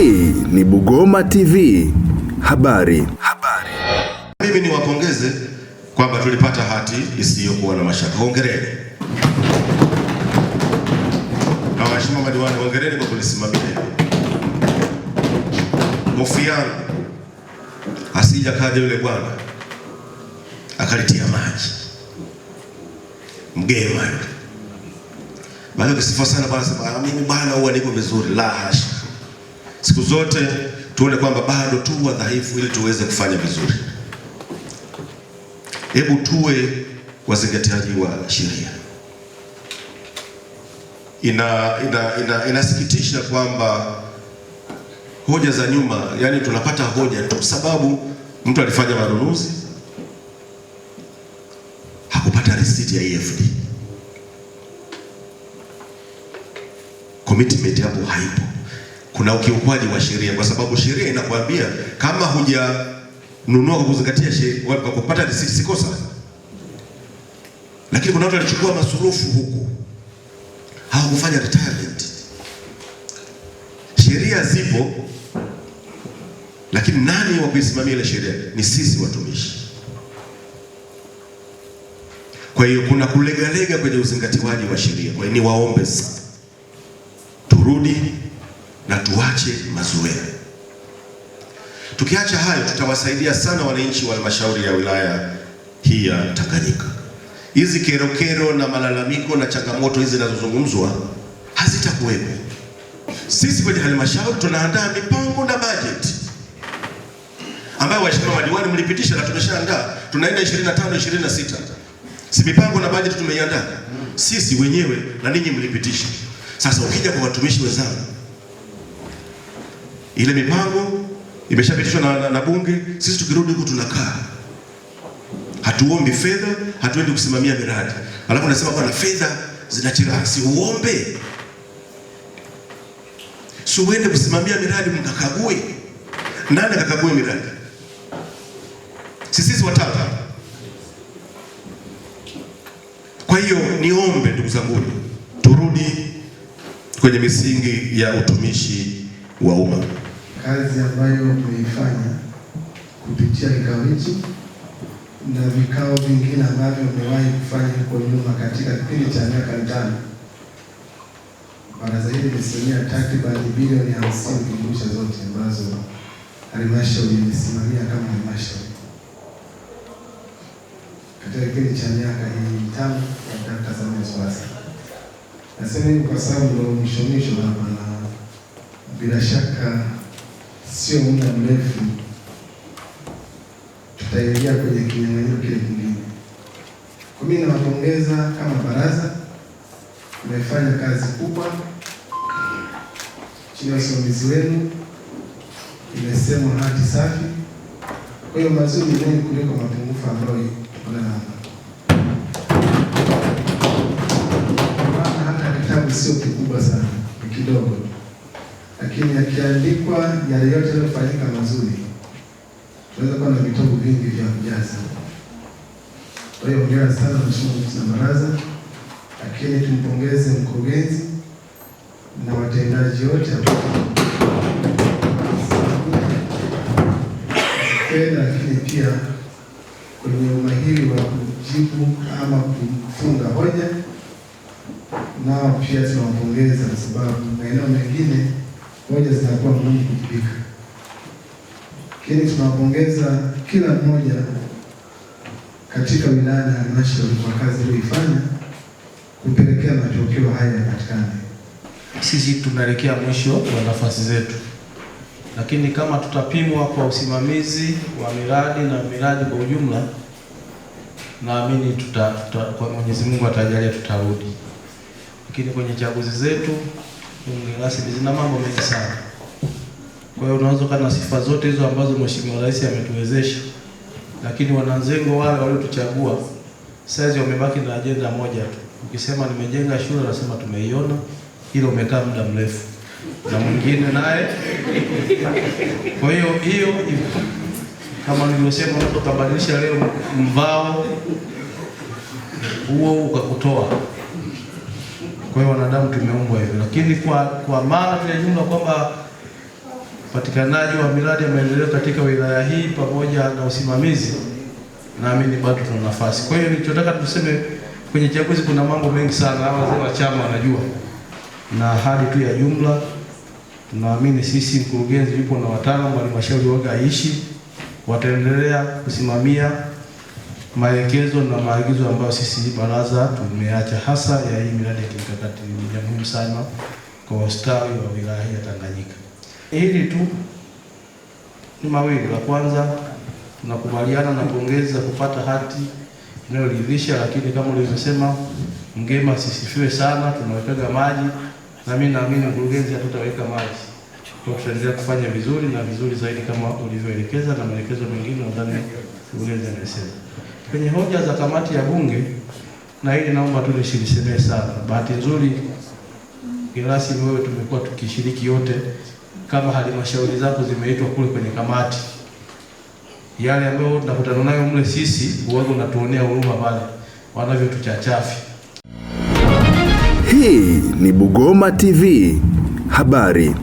Hii ni Bugoma TV habari. Habari. Mimi niwapongeze kwamba tulipata hati isiyokuwa na mashaka. Hongereni na waheshimiwa madiwani, hongereni kwa kulisimamia. Hofu yangu asija kaja yule bwana akalitia maji mgema, bali ukisifa sana bwana, sema ah, mimi bwana huwa niko vizuri. La hasha siku zote tuone kwamba bado tu wadhaifu ili tuweze kufanya vizuri. Hebu tuwe wazingatiaji wa sheria. Ina, ina, ina, inasikitisha kwamba hoja za nyuma, yani tunapata hoja tu sababu mtu alifanya manunuzi hakupata risiti ya EFD. Commitment hapo haipo kuna ukiukwaji wa sheria, kwa sababu sheria inakwambia kama hujanunua kwa kuzingatia sheria, kwa kupata risiti si kosa. Lakini kuna watu walichukua masurufu huku, hawakufanya retirement. Sheria zipo, lakini nani wa kuisimamia ile sheria? Ni sisi watumishi. Kwa hiyo kuna kulegalega kwenye uzingatiwaji wa sheria. Kwa hiyo ni waombe sana turudi tuache mazoea. Tukiacha hayo, tutawasaidia sana wananchi wa halmashauri ya wilaya hii ya Tanganyika. Hizi kerokero na malalamiko na changamoto hizi zinazozungumzwa hazitakuwepo. Sisi kwenye halmashauri tunaandaa mipango na bajeti ambayo waheshimiwa madiwani mlipitisha na tumeshaandaa, tunaenda 25 26. Si mipango na bajeti tumeiandaa sisi wenyewe na ninyi mlipitisha. Sasa ukija kwa watumishi wenzangu ile mipango imeshapitishwa na, na, na Bunge. Sisi tukirudi huku tunakaa, hatuombi fedha, hatuendi kusimamia miradi, alafu nasema na fedha zinachirasi, uombe suwende kusimamia miradi, mkakague. Nani akakague miradi? Si sisi Kwa hiyo niombe ndugu zangu, turudi kwenye misingi ya utumishi wa umma kazi ambayo mmeifanya kupitia kikao hichi na vikao vingine ambavyo umewahi kufanya huko nyuma katika kipindi cha miaka mitano, baraza hili imesimamia takribani bilioni hamsini jumlisha zote ambazo halmashauri imesimamia kama halmashauri katika kipindi cha miaka hii mitano ya Dkt. Samia Suluhu Hassan. Nasema hivi kwa sababu ndo mwisho mwisho hapa na bila shaka sio muda mrefu tutaingia kwenye kinyang'anyiro kile kingine. Kwa mimi nawapongeza kama baraza, mmefanya kazi kubwa chini ya usimamizi wenu, imesemwa hati safi. Kwa hiyo mazuri ni mengi kuliko mapungufu ambayo tukona hapa. Maana hata kitabu sio kikubwa sana, ni kidogo lakini yakiandikwa yale yote yaliyofanyika mazuri, tunaweza kuwa na vitabu vingi vya kujaza. Kwa hiyo hongera sana Mheshimiwa Mwenyekiti na Baraza, lakini tumpongeze mkurugenzi na watendaji wote fedha, lakini pia kwenye umahiri wa kujibu ama kufunga hoja, nao pia tunawapongeza kwa sababu maeneo mengine hoja zinakuwa ngumu kujibika, lakini tunawapongeza kila mmoja katika wilaya na halmashauri kwa kazi iliyoifanya kupelekea matokeo haya yapatikane. Sisi tunaelekea mwisho wa nafasi zetu, lakini kama tutapimwa kwa usimamizi wa miradi na miradi kwa ujumla, naamini tuta, tuta, Mwenyezi Mungu atajalia tutarudi, lakini kwenye chaguzi zetu rasmi zina mambo mengi sana. Kwa hiyo unaweza kana na sifa zote hizo ambazo Mheshimiwa Rais ametuwezesha, lakini wananzengo wale waliotuchagua saizi wamebaki na ajenda moja tu. Ukisema nimejenga shule, nasema tumeiona, hilo umekaa muda mrefu na mwingine naye. Kwa hiyo hiyo kama nilivyosema, ukabadilisha leo mvao huo ukakutoa kwa hiyo wanadamu tumeumbwa hivyo, lakini kwa kwa maana ya jumla kwamba upatikanaji wa miradi ya maendeleo katika wilaya hii pamoja na usimamizi, naamini bado tuna nafasi. Kwa hiyo nilichotaka tuseme kwenye chaguzi, kuna mambo mengi sana, wazee wa chama wanajua, na hali tu ya jumla tunaamini sisi, mkurugenzi yupo na wataalamu wa halmashauri aishi wataendelea kusimamia maelekezo na maagizo ambayo sisi baraza tumeacha hasa ya hii miradi ya kimkakati ya muhimu sana kwa ustawi wa wilaya ya Tanganyika. Hili tu ni mawili. La kwanza tunakubaliana na pongezi za kupata hati inayoridhisha, lakini kama ulivyosema Mgema, sisifiwe sana, tunawekaga maji na mimi naamini mkurugenzi, hatutaweka maji kwa tutaendelea kufanya vizuri na vizuri zaidi kama ulivyoelekeza, na maelekezo mengine nadhani mkurugenzi amesema kwenye hoja za kamati ya Bunge, na hili naomba tu nisilisemee sana. Bahati nzuri Gerasi, wewe tumekuwa tukishiriki yote, kama halmashauri zako zimeitwa kule kwenye kamati, yale ambayo tunakutana nayo mle sisi, uwaga unatuonea huruma pale wanavyotuchachafi. Hii ni Bugoma TV habari.